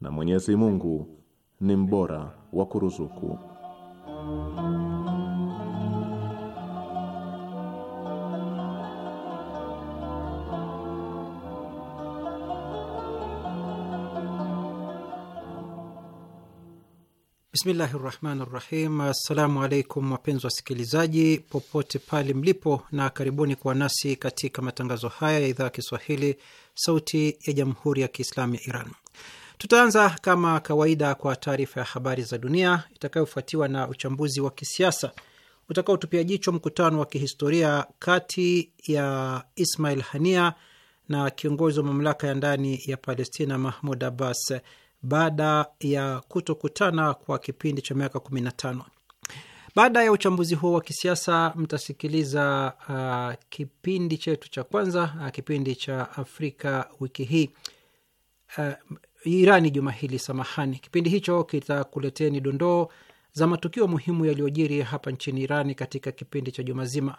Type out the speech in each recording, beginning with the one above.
na Mwenyezi Mungu ni mbora wa kuruzuku. Bismillahi rahmani rahim. Assalamu alaikum wapenzi wasikilizaji popote pale mlipo, na karibuni kuwa nasi katika matangazo haya ya idhaa ya Kiswahili, Sauti ya Jamhuri ya Kiislamu ya Iran. Tutaanza kama kawaida kwa taarifa ya habari za dunia itakayofuatiwa na uchambuzi wa kisiasa utakaotupia jicho mkutano wa kihistoria kati ya Ismail Hania na kiongozi wa mamlaka ya ndani ya Palestina Mahmud Abbas baada ya kutokutana kwa kipindi cha miaka 15. Baada ya uchambuzi huo wa kisiasa mtasikiliza uh, kipindi chetu cha kwanza uh, kipindi cha Afrika wiki hii uh, Irani juma hili, samahani. Kipindi hicho kitakuleteni dondoo za matukio muhimu yaliyojiri hapa nchini Irani katika kipindi cha juma zima.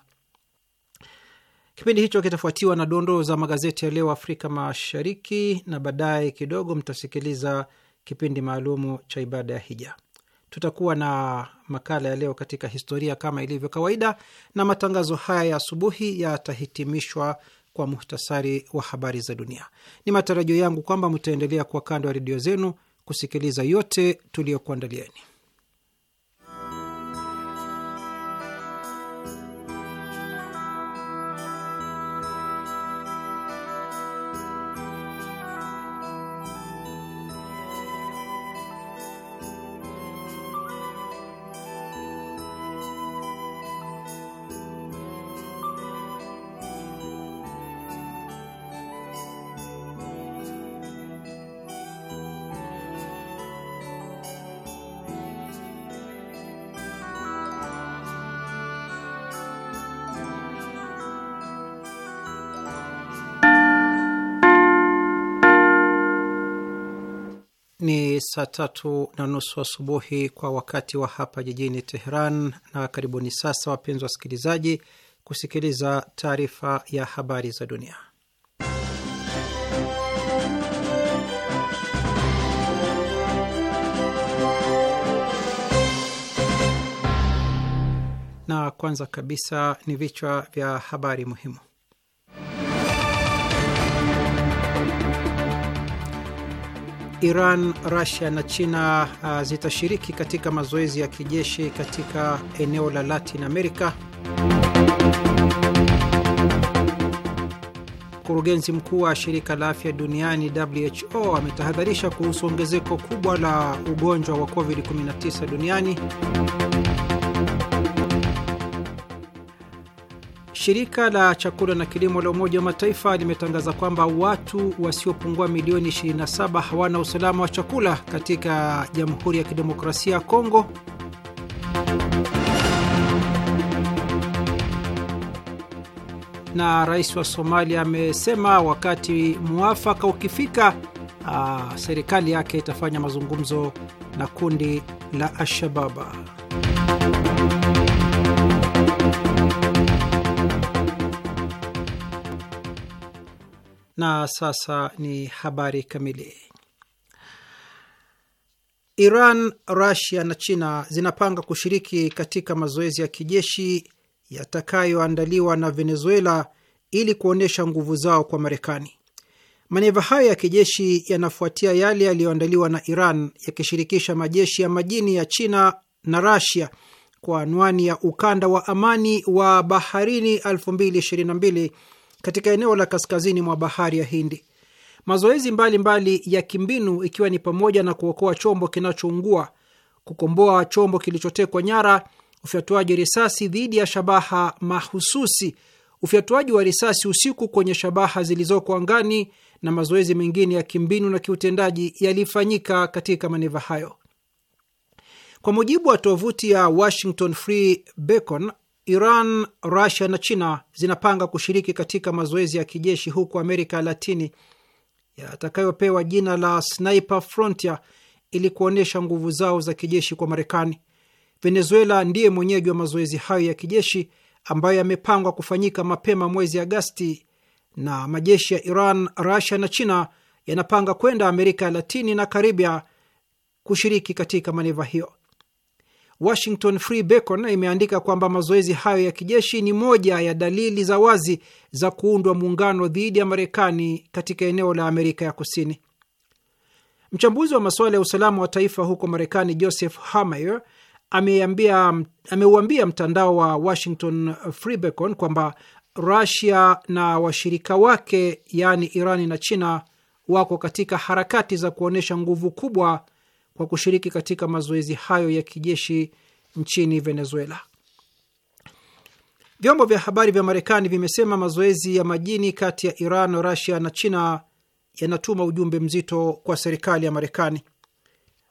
Kipindi hicho kitafuatiwa na dondoo za magazeti ya leo Afrika Mashariki, na baadaye kidogo mtasikiliza kipindi maalumu cha ibada ya hija. Tutakuwa na makala ya leo katika historia kama ilivyo kawaida, na matangazo haya ya asubuhi yatahitimishwa kwa muhtasari wa habari za dunia. Ni matarajio yangu kwamba mtaendelea kuwa kando ya redio zenu kusikiliza yote tuliyokuandalieni. saa tatu na nusu asubuhi kwa wakati wa hapa jijini Teheran, na karibuni sasa, wapenzi wasikilizaji, kusikiliza taarifa ya habari za dunia. Na kwanza kabisa ni vichwa vya habari muhimu. Iran, rusia na China uh, zitashiriki katika mazoezi ya kijeshi katika eneo la Latin America. Mkurugenzi mkuu wa shirika la afya duniani WHO ametahadharisha kuhusu ongezeko kubwa la ugonjwa wa COVID-19 duniani. Shirika la chakula na kilimo la Umoja wa Mataifa limetangaza kwamba watu wasiopungua milioni 27 hawana usalama wa chakula katika Jamhuri ya Kidemokrasia ya Kongo. Na rais wa Somalia amesema wakati muafaka ukifika, aa, ah, serikali yake itafanya mazungumzo na kundi la Alshababa. Na sasa ni habari kamili. Iran, Rusia na China zinapanga kushiriki katika mazoezi ya kijeshi yatakayoandaliwa na Venezuela ili kuonyesha nguvu zao kwa Marekani. Maneva hayo ya kijeshi yanafuatia yale yaliyoandaliwa na Iran yakishirikisha majeshi ya majini ya China na Rasia kwa anwani ya ukanda wa amani wa baharini katika eneo la kaskazini mwa bahari ya Hindi. Mazoezi mbalimbali mbali ya kimbinu ikiwa ni pamoja na kuokoa chombo kinachoungua, kukomboa chombo kilichotekwa nyara, ufyatuaji risasi dhidi ya shabaha mahususi, ufyatuaji wa risasi usiku kwenye shabaha zilizoko angani na mazoezi mengine ya kimbinu na kiutendaji yalifanyika katika maneva hayo. Kwa mujibu wa tovuti ya Washington Free Beacon, Iran, Rusia na China zinapanga kushiriki katika mazoezi ya kijeshi huko Amerika Latini yatakayopewa jina la Sniper Frontier ili kuonyesha nguvu zao za kijeshi kwa Marekani. Venezuela ndiye mwenyeji wa mazoezi hayo ya kijeshi ambayo yamepangwa kufanyika mapema mwezi Agasti, na majeshi ya Iran, Rusia na China yanapanga kwenda Amerika ya Latini na Karibia kushiriki katika maneva hiyo. Washington Free Beacon imeandika kwamba mazoezi hayo ya kijeshi ni moja ya dalili za wazi za kuundwa muungano dhidi ya Marekani katika eneo la Amerika ya Kusini. Mchambuzi wa masuala ya usalama wa taifa huko Marekani, Joseph Hamer, ameuambia mtandao wa Washington Free Beacon kwamba Rusia na washirika wake, yaani Irani na China, wako katika harakati za kuonyesha nguvu kubwa kwa kushiriki katika mazoezi hayo ya kijeshi nchini Venezuela. Vyombo vya habari vya Marekani vimesema mazoezi ya majini kati ya Iran, Rusia na China yanatuma ujumbe mzito kwa serikali ya Marekani.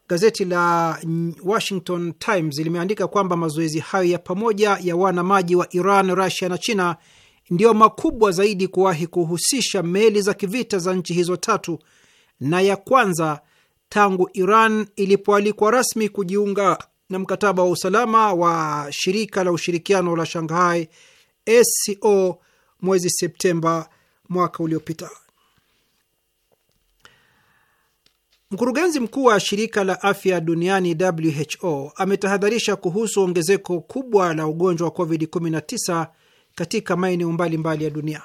Gazeti la Washington Times limeandika kwamba mazoezi hayo ya pamoja ya wana maji wa Iran, Rusia na China ndiyo makubwa zaidi kuwahi kuhusisha meli za kivita za nchi hizo tatu na ya kwanza tangu Iran ilipoalikwa rasmi kujiunga na mkataba wa usalama wa shirika la ushirikiano la Shanghai SCO mwezi Septemba mwaka uliopita. Mkurugenzi mkuu wa shirika la afya duniani WHO ametahadharisha kuhusu ongezeko kubwa la ugonjwa wa COVID-19 katika maeneo mbalimbali ya dunia.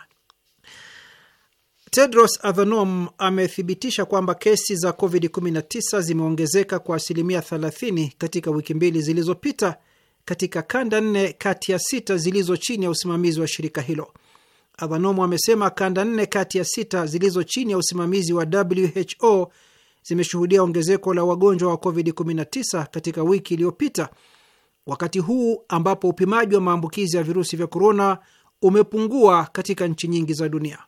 Tedros Adhanom amethibitisha kwamba kesi za COVID-19 zimeongezeka kwa asilimia 30 katika wiki mbili zilizopita katika kanda nne kati ya sita zilizo chini ya usimamizi wa shirika hilo. Adhanom amesema kanda nne kati ya sita zilizo chini ya usimamizi wa WHO zimeshuhudia ongezeko la wagonjwa wa COVID-19 katika wiki iliyopita, wakati huu ambapo upimaji wa maambukizi ya virusi vya korona umepungua katika nchi nyingi za dunia.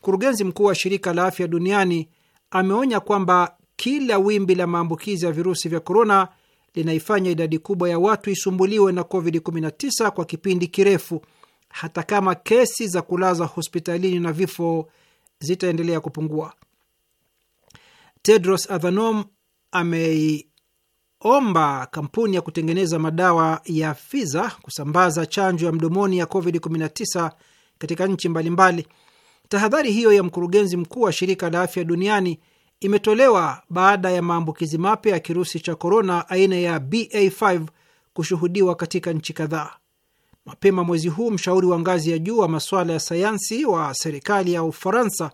Mkurugenzi mkuu wa shirika la afya duniani ameonya kwamba kila wimbi la maambukizi ya virusi vya korona linaifanya idadi kubwa ya watu isumbuliwe na COVID-19 kwa kipindi kirefu, hata kama kesi za kulaza hospitalini na vifo zitaendelea kupungua. Tedros Adhanom ameiomba kampuni ya kutengeneza madawa ya Pfizer kusambaza chanjo ya mdomoni ya COVID-19 katika nchi mbalimbali Tahadhari hiyo ya mkurugenzi mkuu wa shirika la afya duniani imetolewa baada ya maambukizi mapya ya kirusi cha korona aina ya BA5 kushuhudiwa katika nchi kadhaa. Mapema mwezi huu, mshauri wa ngazi ya juu wa masuala ya sayansi wa serikali ya Ufaransa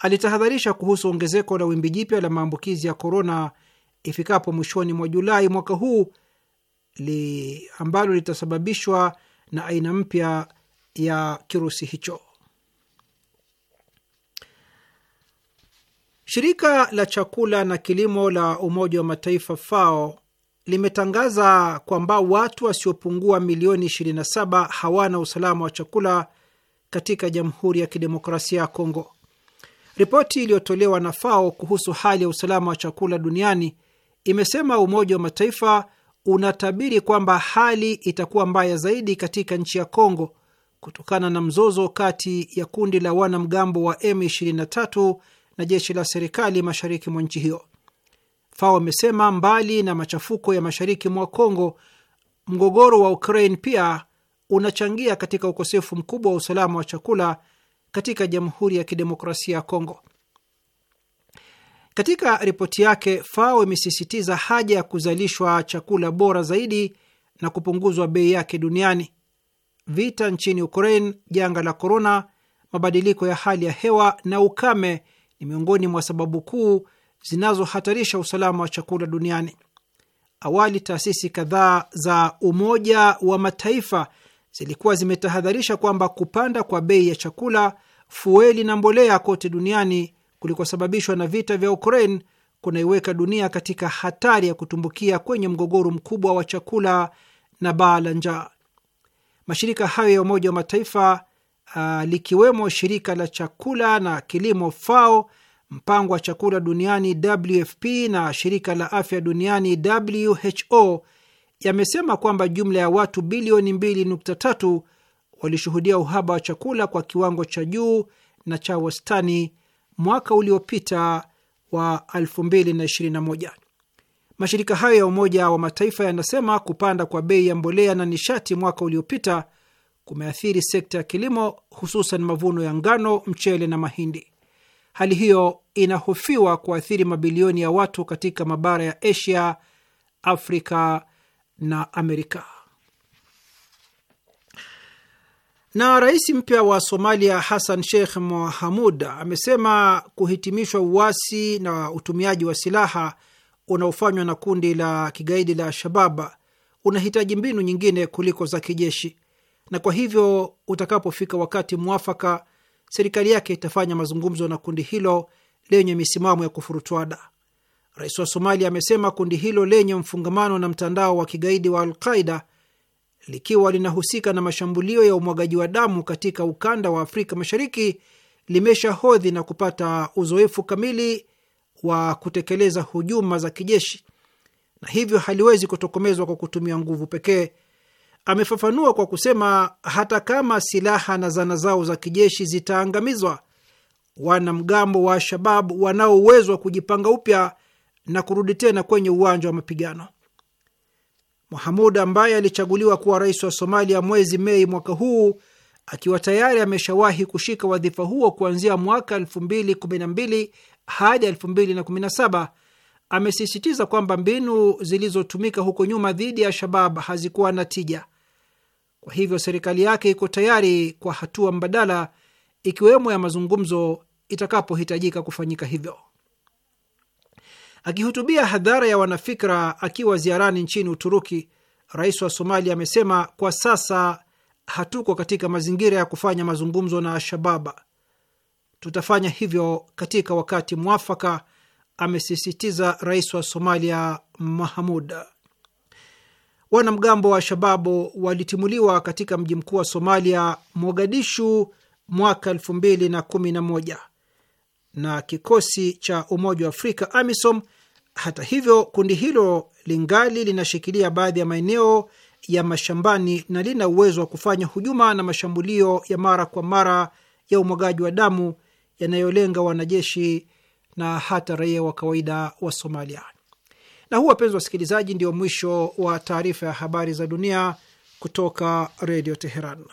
alitahadharisha kuhusu ongezeko la wimbi jipya la maambukizi ya korona ifikapo mwishoni mwa Julai mwaka huu li ambalo litasababishwa na aina mpya ya kirusi hicho. Shirika la chakula na kilimo la Umoja wa Mataifa FAO limetangaza kwamba watu wasiopungua milioni 27 hawana usalama wa chakula katika Jamhuri ya Kidemokrasia ya Kongo. Ripoti iliyotolewa na FAO kuhusu hali ya usalama wa chakula duniani imesema Umoja wa Mataifa unatabiri kwamba hali itakuwa mbaya zaidi katika nchi ya Kongo kutokana na mzozo kati ya kundi la wanamgambo wa M23 na jeshi la serikali mashariki mwa nchi hiyo. FAO amesema mbali na machafuko ya mashariki mwa Kongo, mgogoro wa Ukraine pia unachangia katika ukosefu mkubwa wa usalama wa chakula katika Jamhuri ya Kidemokrasia ya Kongo. Katika ripoti yake, FAO imesisitiza haja ya kuzalishwa chakula bora zaidi na kupunguzwa bei yake duniani. Vita nchini Ukraine, janga la korona, mabadiliko ya hali ya hewa na ukame ni miongoni mwa sababu kuu zinazohatarisha usalama wa chakula duniani. Awali taasisi kadhaa za Umoja wa Mataifa zilikuwa zimetahadharisha kwamba kupanda kwa bei ya chakula, fueli na mbolea kote duniani kulikosababishwa na vita vya Ukraine kunaiweka dunia katika hatari ya kutumbukia kwenye mgogoro mkubwa wa chakula na baa la njaa. Mashirika hayo ya Umoja wa Mataifa uh, likiwemo shirika la chakula na kilimo FAO, mpango wa chakula duniani WFP na shirika la afya duniani WHO yamesema kwamba jumla ya watu bilioni 2.3 walishuhudia uhaba wa chakula kwa kiwango cha juu na cha wastani mwaka uliopita wa 2021. Mashirika hayo ya Umoja wa Mataifa yanasema kupanda kwa bei ya mbolea na nishati mwaka uliopita kumeathiri sekta ya kilimo, hususan mavuno ya ngano, mchele na mahindi. Hali hiyo inahofiwa kuathiri mabilioni ya watu katika mabara ya Asia, Afrika na Amerika. Na rais mpya wa Somalia Hassan Sheikh Mohamud amesema kuhitimishwa uasi na utumiaji wa silaha unaofanywa na kundi la kigaidi la Al-Shabab unahitaji mbinu nyingine kuliko za kijeshi na kwa hivyo utakapofika wakati mwafaka, serikali yake itafanya mazungumzo na kundi hilo lenye misimamo ya kufurutwada Rais wa Somalia amesema kundi hilo lenye mfungamano na mtandao wa kigaidi wa Alqaida likiwa linahusika na mashambulio ya umwagaji wa damu katika ukanda wa Afrika Mashariki limeshahodhi na kupata uzoefu kamili wa kutekeleza hujuma za kijeshi na hivyo haliwezi kutokomezwa kwa kutumia nguvu pekee, Amefafanua kwa kusema hata kama silaha na zana zao za kijeshi zitaangamizwa, wanamgambo wa Al-Shabab wanao uwezo wa kujipanga upya na kurudi tena kwenye uwanja wa mapigano. Mahamud ambaye alichaguliwa kuwa rais wa Somalia mwezi Mei mwaka huu akiwa tayari ameshawahi kushika wadhifa huo kuanzia mwaka 2012 hadi 2017 amesisitiza kwamba mbinu zilizotumika huko nyuma dhidi ya Shabab hazikuwa na tija. Kwa hivyo serikali yake iko tayari kwa hatua mbadala, ikiwemo ya mazungumzo itakapohitajika kufanyika hivyo. Akihutubia hadhara ya wanafikra akiwa ziarani nchini Uturuki, rais wa Somalia amesema kwa sasa hatuko katika mazingira ya kufanya mazungumzo na Alshababa. Tutafanya hivyo katika wakati mwafaka amesisitiza rais wa Somalia Mahamud. Wanamgambo wa Shababu walitimuliwa katika mji mkuu wa Somalia, Mogadishu, mwaka elfu mbili na kumi na moja na kikosi cha Umoja wa Afrika, AMISOM. Hata hivyo, kundi hilo lingali linashikilia baadhi ya maeneo ya mashambani na lina uwezo wa kufanya hujuma na mashambulio ya mara kwa mara ya umwagaji wa damu yanayolenga wanajeshi na hata raia wa kawaida wa Somalia. Na huu, wapenzi wasikilizaji, ndio mwisho wa taarifa ya habari za dunia kutoka Redio Teheran.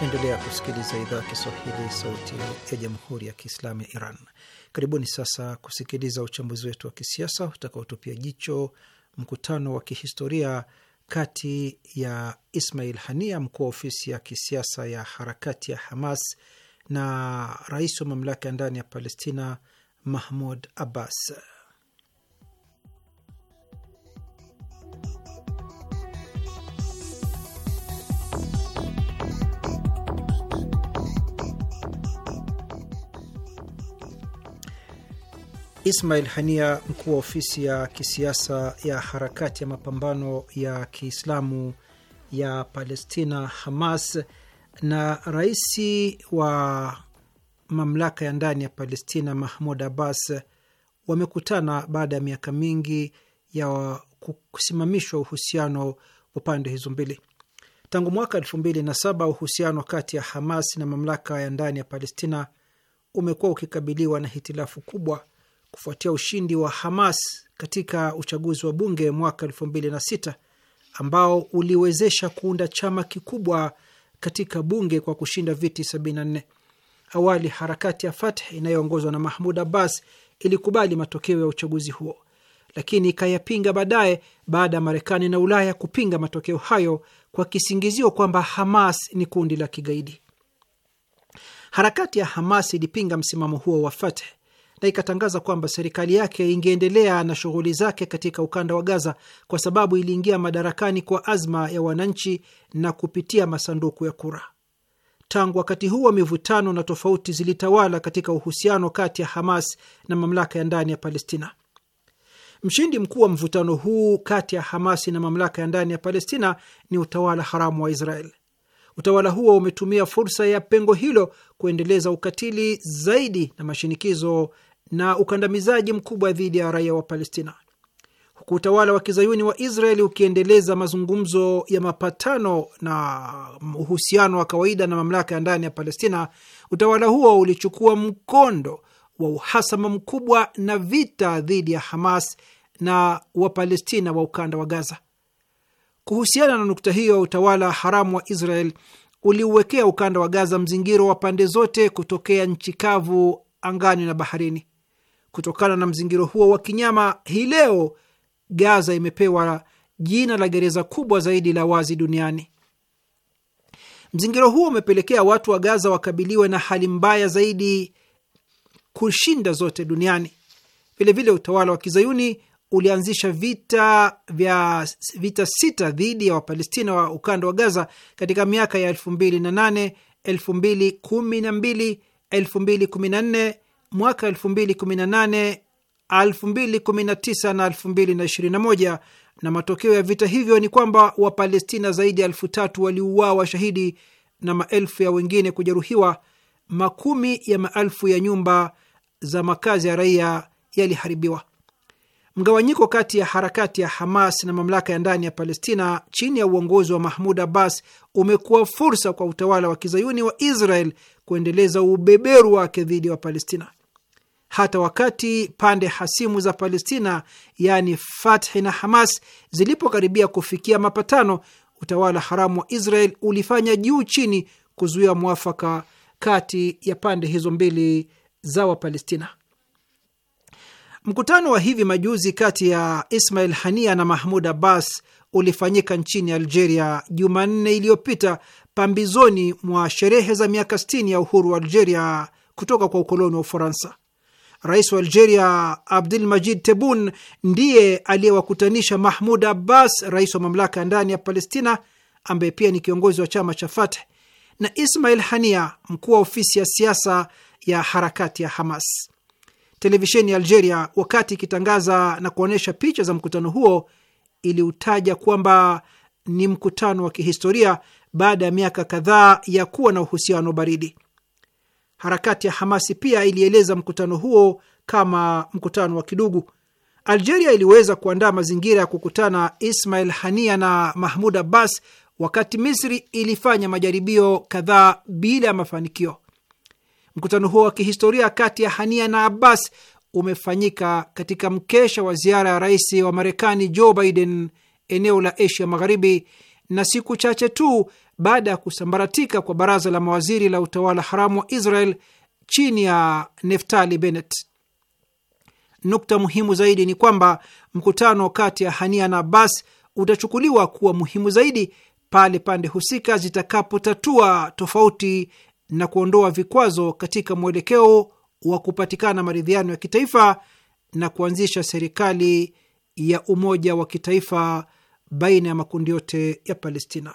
Naendelea kusikiliza idhaa Kiswahili sauti ya jamhuri ya kiislamu ya Iran. Karibuni sasa kusikiliza uchambuzi wetu wa kisiasa utakaotupia jicho mkutano wa kihistoria kati ya Ismail Hania, mkuu wa ofisi ya kisiasa ya harakati ya Hamas, na rais wa mamlaka ya ndani ya Palestina Mahmud Abbas. Ismail Hania, mkuu wa ofisi ya kisiasa ya harakati ya mapambano ya Kiislamu ya Palestina, Hamas, na rais wa mamlaka ya ndani ya Palestina Mahmud Abbas wamekutana baada ya miaka mingi ya kusimamishwa uhusiano wa pande hizo mbili. Tangu mwaka elfu mbili na saba uhusiano kati ya Hamas na mamlaka ya ndani ya Palestina umekuwa ukikabiliwa na hitilafu kubwa kufuatia ushindi wa Hamas katika uchaguzi wa bunge mwaka sita ambao uliwezesha kuunda chama kikubwa katika bunge kwa kushinda viti 74. Awali harakati ya Fatah inayoongozwa na Mahmud Abbas ilikubali matokeo ya uchaguzi huo, lakini ikayapinga baadaye baada ya Marekani na Ulaya kupinga matokeo hayo kwa kisingizio kwamba Hamas ni kundi la kigaidi. Harakati ya Hamas ilipinga msimamo huo wa Fatah na ikatangaza kwamba serikali yake ingeendelea na shughuli zake katika ukanda wa Gaza kwa sababu iliingia madarakani kwa azma ya wananchi na kupitia masanduku ya kura. Tangu wakati huo, mivutano na tofauti zilitawala katika uhusiano kati ya Hamas na mamlaka ya ndani ya Palestina. Mshindi mkuu wa mvutano huu kati ya Hamasi na mamlaka ya ndani ya Palestina ni utawala haramu wa Israel. Utawala huo umetumia fursa ya pengo hilo kuendeleza ukatili zaidi na mashinikizo na ukandamizaji mkubwa dhidi ya raia wa Palestina, huku utawala wa kizayuni wa Israeli ukiendeleza mazungumzo ya mapatano na uhusiano wa kawaida na mamlaka ya ndani ya Palestina. Utawala huo ulichukua mkondo wa uhasama mkubwa na vita dhidi ya Hamas na Wapalestina wa ukanda wa Gaza. Kuhusiana na nukta hiyo, utawala haramu wa Israel uliuwekea ukanda wa Gaza mzingiro wa pande zote kutokea nchi kavu, angani na baharini. Kutokana na mzingiro huo wa kinyama, hii leo Gaza imepewa jina la gereza kubwa zaidi la wazi duniani. Mzingiro huo umepelekea watu wa Gaza wakabiliwe na hali mbaya zaidi kushinda zote duniani. Vilevile utawala wa kizayuni ulianzisha vita vya vita sita dhidi ya Wapalestina wa ukanda wa Gaza katika miaka ya elfu mbili na nane elfu mbili kumi na mbili elfu mbili kumi na nne mwaka 2018, 2019 na 2021, na matokeo ya vita hivyo ni kwamba Wapalestina zaidi ya elfu tatu waliuawa shahidi na maelfu ya wengine kujeruhiwa. Makumi ya maelfu ya nyumba za makazi ya raia yaliharibiwa. Mgawanyiko kati ya harakati ya Hamas na mamlaka ya ndani ya Palestina chini ya uongozi wa Mahmud Abbas umekuwa fursa kwa utawala wa kizayuni wa Israel kuendeleza ubeberu wake dhidi ya Wapalestina hata wakati pande hasimu za Palestina yaani Fathi na Hamas zilipokaribia kufikia mapatano, utawala haramu wa Israel ulifanya juu chini kuzuia mwafaka kati ya pande hizo mbili za Wapalestina. Mkutano wa hivi majuzi kati ya Ismail Hania na Mahmud Abbas ulifanyika nchini Algeria Jumanne iliyopita pambizoni mwa sherehe za miaka 60 ya uhuru wa Algeria kutoka kwa ukoloni wa Ufaransa. Rais wa Algeria Abdul Majid Tebun ndiye aliyewakutanisha Mahmud Abbas, rais wa mamlaka ya ndani ya Palestina ambaye pia ni kiongozi wa chama cha Fatah, na Ismail Hania, mkuu wa ofisi ya siasa ya harakati ya Hamas. Televisheni ya Algeria, wakati ikitangaza na kuonyesha picha za mkutano huo, iliutaja kwamba ni mkutano wa kihistoria baada ya miaka kadhaa ya kuwa na uhusiano baridi. Harakati ya Hamasi pia ilieleza mkutano huo kama mkutano wa kidugu. Algeria iliweza kuandaa mazingira ya kukutana Ismail Hania na Mahmud Abbas, wakati Misri ilifanya majaribio kadhaa bila ya mafanikio. Mkutano huo wa kihistoria kati ya Hania na Abbas umefanyika katika mkesha wa ziara ya rais wa Marekani Joe Biden eneo la Asia Magharibi, na siku chache tu baada ya kusambaratika kwa baraza la mawaziri la utawala haramu wa Israel chini ya Neftali Bennett. Nukta muhimu zaidi ni kwamba mkutano kati ya Hania na Abbas utachukuliwa kuwa muhimu zaidi pale pande husika zitakapotatua tofauti na kuondoa vikwazo katika mwelekeo wa kupatikana maridhiano ya kitaifa na kuanzisha serikali ya umoja wa kitaifa baina ya makundi yote ya Palestina.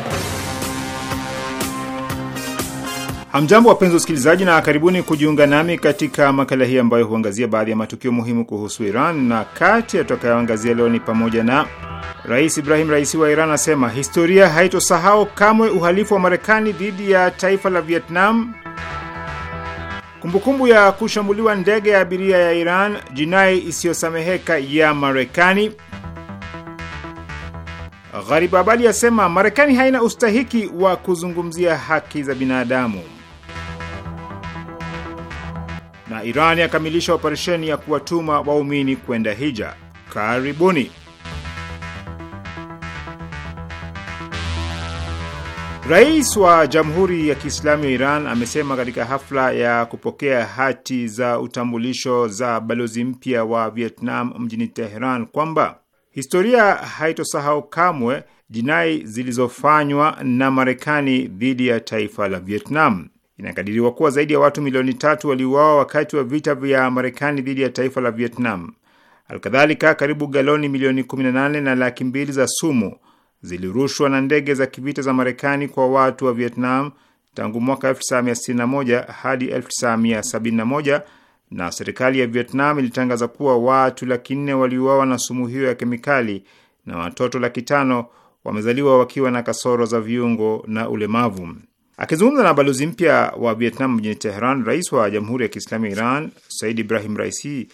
Hamjambo, wapenzi wasikilizaji, na karibuni kujiunga nami katika makala hii ambayo huangazia baadhi ya matukio muhimu kuhusu Iran, na kati ya tutakayoangazia leo ni pamoja na Rais Ibrahim Raisi wa Iran asema historia haitosahau kamwe uhalifu wa Marekani dhidi ya taifa la Vietnam, kumbukumbu ya kushambuliwa ndege ya abiria ya Iran, jinai isiyosameheka ya Marekani. Gharib Abadi asema Marekani haina ustahiki wa kuzungumzia haki za binadamu. Iran yakamilisha operesheni ya kuwatuma waumini kwenda hija. Karibuni. Rais wa Jamhuri ya Kiislamu ya Iran amesema katika hafla ya kupokea hati za utambulisho za balozi mpya wa Vietnam mjini Teheran kwamba historia haitosahau kamwe jinai zilizofanywa na Marekani dhidi ya taifa la Vietnam. Inakadiriwa kuwa zaidi ya watu milioni tatu waliuawa wakati wa vita vya Marekani dhidi ya taifa la Vietnam. Alkadhalika, karibu galoni milioni 18 na laki mbili za sumu zilirushwa na ndege za kivita za Marekani kwa watu wa Vietnam tangu mwaka 1961 hadi 1971, na serikali ya Vietnam ilitangaza kuwa watu laki nne waliuawa na sumu hiyo ya kemikali na watoto laki tano wamezaliwa wakiwa na kasoro za viungo na ulemavu. Akizungumza na balozi mpya wa Vietnam mjini Teheran, rais wa Jamhuri ya Kiislamu ya Iran Said Ibrahim Raisi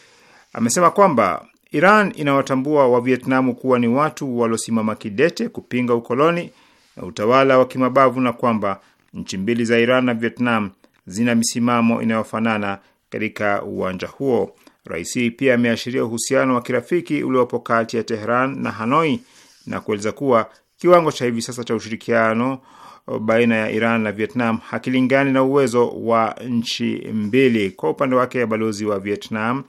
amesema kwamba Iran inawatambua vietnamu kuwa ni watu waliosimama kidete kupinga ukoloni na utawala wa kimabavu na kwamba nchi mbili za Iran na Vietnam zina misimamo inayofanana katika uwanja huo. Raisi pia ameashiria uhusiano wa kirafiki uliopo kati ya Teheran na Hanoi na kueleza kuwa kiwango cha hivi sasa cha ushirikiano baina ya Iran na Vietnam hakilingani na uwezo wa nchi mbili. Kwa upande wake, balozi wa Vietnam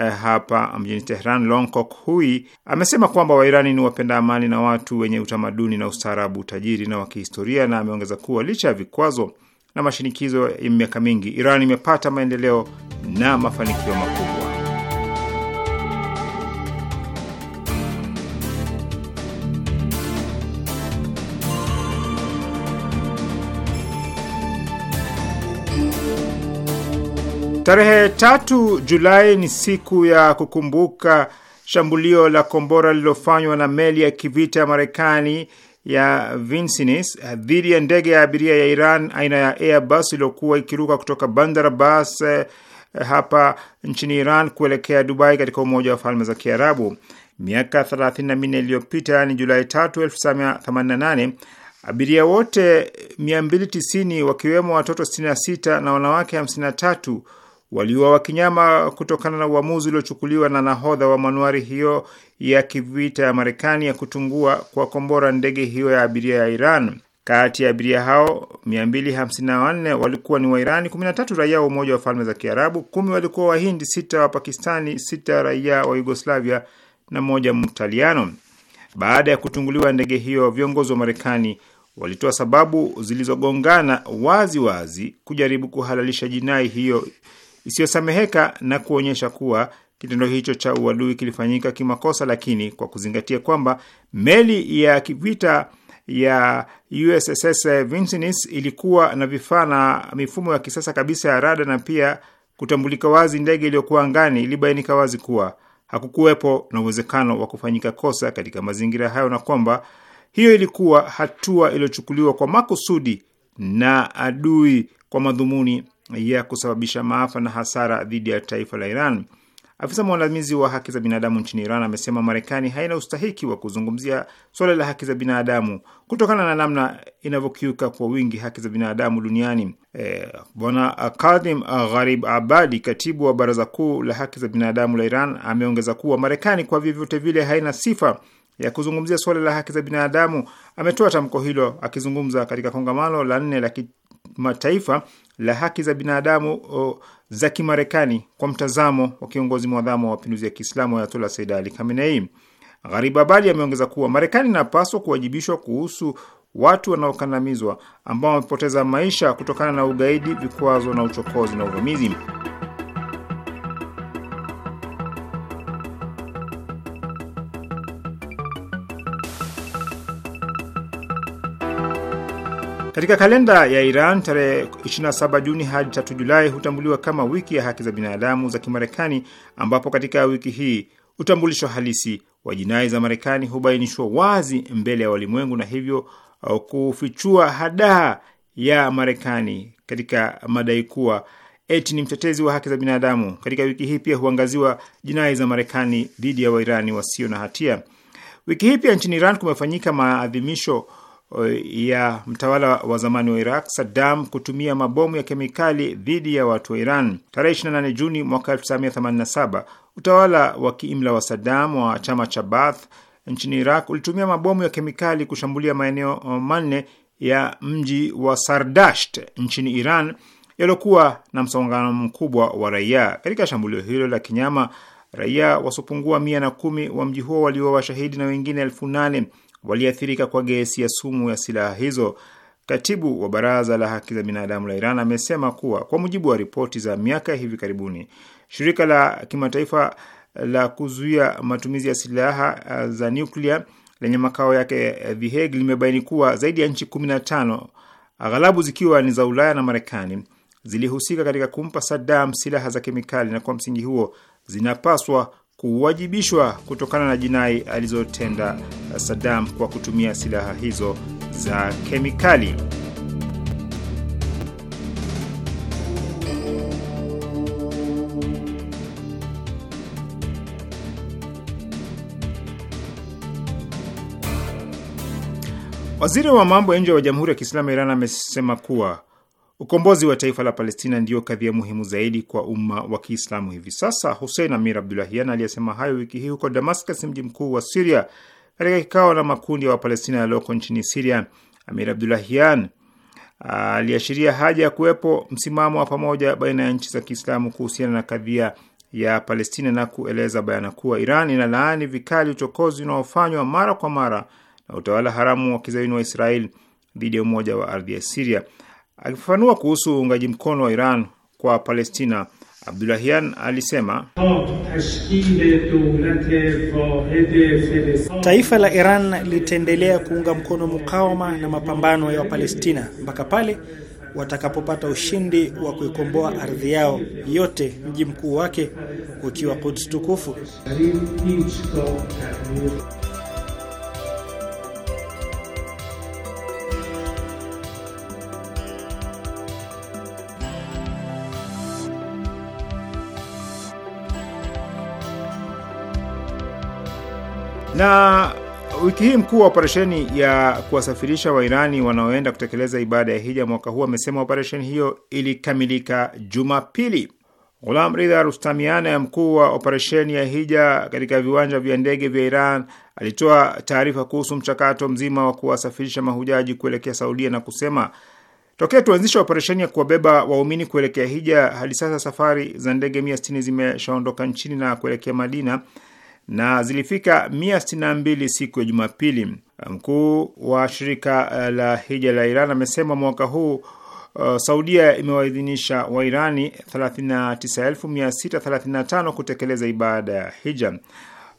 eh, hapa mjini Tehran, longcok Hui amesema kwamba Wairani ni wapenda amani na watu wenye utamaduni na ustaarabu tajiri na wa kihistoria, na ameongeza kuwa licha ya vikwazo na mashinikizo ya miaka mingi, Iran imepata maendeleo na mafanikio makubwa. Tarehe tatu Julai ni siku ya kukumbuka shambulio la kombora lililofanywa na meli ya kivita ya Marekani ya Vincennes dhidi ya ndege ya abiria ya Iran aina ya Airbus iliyokuwa ikiruka kutoka Bandar Abbas eh, hapa nchini Iran kuelekea Dubai katika Umoja wa Falme za Kiarabu. Miaka 34 iliyopita, yaani Julai 3, 1988 abiria wote 290 wakiwemo watoto 66 na wanawake 53 waliuawa kinyama kutokana na uamuzi uliochukuliwa na nahodha wa manuari hiyo ya kivita ya Marekani ya kutungua kwa kombora ndege hiyo ya abiria ya Iran. Kati ya abiria hao 254 walikuwa ni Wairani, 13 raia wa Umoja wa Falme za Kiarabu, kumi walikuwa Wahindi, sita wa Pakistani, sita raia wa Yugoslavia na moja Mtaliano. Baada ya kutunguliwa ndege hiyo, viongozi wa Marekani walitoa sababu zilizogongana wazi wazi kujaribu kuhalalisha jinai hiyo isiyosameheka na kuonyesha kuwa kitendo hicho cha uadui kilifanyika kimakosa, lakini kwa kuzingatia kwamba meli ya kivita ya USS Vincennes ilikuwa na vifaa na mifumo ya kisasa kabisa ya rada na pia kutambulika wazi ndege iliyokuwa angani, ilibainika wazi kuwa hakukuwepo na uwezekano wa kufanyika kosa katika mazingira hayo na kwamba hiyo ilikuwa hatua iliyochukuliwa kwa makusudi na adui kwa madhumuni ya kusababisha maafa na hasara dhidi ya taifa la Iran. Afisa mwandamizi wa haki za binadamu nchini Iran amesema Marekani haina ustahiki wa kuzungumzia suala la haki za binadamu kutokana na namna inavyokiuka kwa wingi haki za binadamu duniani. E, Bwana Kadhim Gharib Abadi, katibu wa baraza kuu la haki za binadamu la Iran, ameongeza kuwa Marekani kwa vyovyote vile haina sifa ya kuzungumzia suala la haki za binadamu. Ametoa tamko hilo akizungumza katika kongamano la nne la kimataifa la haki za binadamu za Kimarekani kwa mtazamo wa kiongozi mwadhamu wa mapinduzi ya Kiislamu Ayatola Said Ali Khamenei. Gharibabadi ameongeza kuwa Marekani inapaswa kuwajibishwa kuhusu watu wanaokandamizwa ambao wamepoteza maisha kutokana na ugaidi, vikwazo na uchokozi na uvamizi. Katika kalenda ya Iran, tarehe 27 Juni hadi 3 Julai hutambuliwa kama wiki ya haki za binadamu za Kimarekani, ambapo katika wiki hii utambulisho halisi wa jinai za Marekani hubainishwa wazi mbele ya walimwengu na hivyo uh, kufichua hadaa ya Marekani katika madai kuwa eti ni mtetezi wa haki za binadamu. Katika wiki hii pia huangaziwa jinai za Marekani dhidi ya Wairani wasio na hatia. Wiki hii pia nchini Iran kumefanyika maadhimisho ya mtawala wa zamani wa Iraq Saddam kutumia mabomu ya kemikali dhidi ya watu wa Iran. Tarehe 28 Juni mwaka 1987 utawala wa kiimla wa Saddam wa chama cha Baath nchini Iraq ulitumia mabomu ya kemikali kushambulia maeneo manne ya mji wa Sardasht nchini Iran yaliyokuwa na msongamano mkubwa wa raia. Katika shambulio hilo la kinyama, raia wasiopungua mia na kumi wa mji huo walio washahidi na wengine elfu nane waliathirika kwa gesi ya sumu ya silaha hizo. Katibu wa Baraza la Haki za Binadamu la Iran amesema kuwa kwa mujibu wa ripoti za miaka hivi karibuni, shirika la kimataifa la kuzuia matumizi ya silaha eh, za nyuklia lenye makao yake eh, The Hague limebaini kuwa zaidi ya nchi 15 aghalabu zikiwa ni za Ulaya na Marekani zilihusika katika kumpa Saddam silaha za kemikali na kwa msingi huo zinapaswa kuwajibishwa kutokana na jinai alizotenda Saddam kwa kutumia silaha hizo za kemikali. Waziri wa mambo ya nje wa Jamhuri ya Kiislamu ya Iran amesema kuwa Ukombozi wa taifa la Palestina ndiyo kadhia muhimu zaidi kwa umma wa Kiislamu hivi sasa. Husein Amir Abdulahian aliyesema hayo wiki hii huko Damascus, mji mkuu wa Siria, katika kikao na makundi ya wa Wapalestina yaliyoko nchini Siria. Amir Abdulahian ah, aliashiria haja ya kuwepo msimamo wa pamoja baina ya nchi za Kiislamu kuhusiana na kadhia ya Palestina na kueleza bayana kuwa Iran inalaani vikali uchokozi unaofanywa mara kwa mara na utawala haramu wa kizayuni wa Israel dhidi ya umoja wa ardhi ya Siria. Akifafanua kuhusu uungaji mkono wa Iran kwa Palestina, Abdulahian alisema taifa la Iran litaendelea kuunga mkono mukawama na mapambano ya Wapalestina mpaka pale watakapopata ushindi wa kuikomboa ardhi yao yote, mji mkuu wake ukiwa kuds tukufu. Na wiki hii mkuu wa operesheni ya kuwasafirisha Wairani wanaoenda kutekeleza ibada ya hija mwaka huu amesema operesheni hiyo ilikamilika Jumapili. Ghulam Ridha Rustamiana, mkuu wa operesheni ya hija katika viwanja vya ndege vya Iran, alitoa taarifa kuhusu mchakato mzima wa kuwasafirisha mahujaji kuelekea Saudia na kusema tokea tuanzisha operesheni ya kuwabeba waumini kuelekea hija hadi sasa safari za ndege mia sitini zimeshaondoka nchini na kuelekea Madina na zilifika mia na mbili siku ya Jumapili. Mkuu wa shirika eh, la hija la Iran amesema mwaka huu uh, Saudia imewaidhinisha Wairani 39635 kutekeleza ibada ya hija.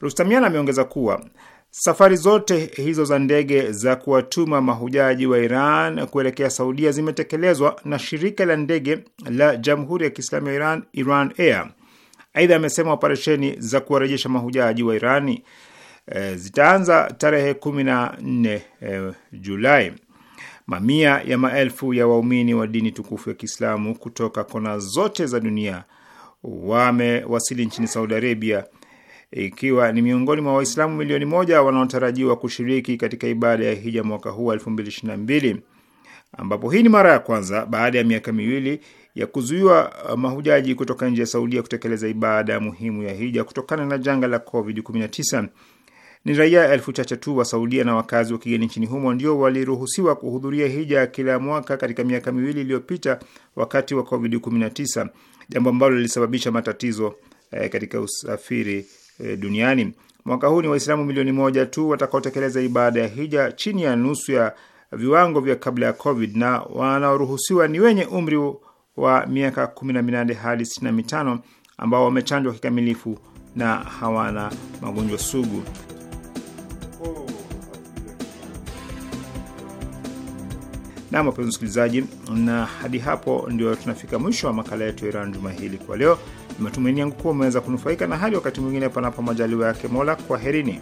Rustamian ameongeza kuwa safari zote hizo za ndege za kuwatuma mahujaji wa Iran kuelekea Saudia zimetekelezwa na shirika la ndege la Jamhuri ya Kiislamu ya Iran, Iran Air. Aidha, amesema operesheni za kuwarejesha mahujaji wa Irani e, zitaanza tarehe kumi na nne eh, Julai. Mamia ya maelfu ya waumini wa dini tukufu ya Kiislamu kutoka kona zote za dunia wamewasili nchini Saudi Arabia, ikiwa ni miongoni mwa Waislamu milioni moja wanaotarajiwa kushiriki katika ibada ya hija mwaka huu wa 2022 ambapo hii ni mara ya kwanza baada ya miaka miwili ya kuzuiwa uh, mahujaji kutoka nje ya Saudia kutekeleza ibada muhimu ya hija kutokana na janga la COVID-19. Ni raia elfu chache tu wa Saudia na wakazi wa kigeni nchini humo ndio waliruhusiwa kuhudhuria hija kila mwaka katika miaka miwili iliyopita wakati wa COVID-19, jambo ambalo lilisababisha matatizo eh, katika usafiri eh, duniani. Mwaka huu ni Waislamu milioni moja tu watakaotekeleza ibada ya hija, chini ya nusu ya viwango vya kabla ya COVID, na wanaoruhusiwa ni wenye umri wa miaka 18 hadi 65 ambao wamechanjwa kikamilifu na hawana magonjwa sugu. Nam, wapenzi msikilizaji, na hadi hapo ndio tunafika mwisho wa makala yetu ya Iran juma hili kwa leo. Ni matumaini yangu kuwa umeweza kunufaika, na hadi wakati mwingine, panapo majaliwa yake Mola, kwaherini.